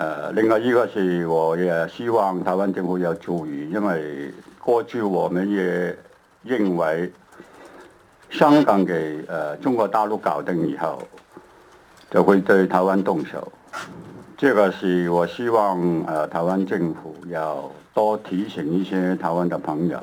呃，另外呢個事，我也希望台灣政府要注意，因為過去我們也認為香港嘅呃中國大陸搞掂以後，就會對台灣動手，這個是我希望呃台灣政府要多提醒一些台灣的朋友。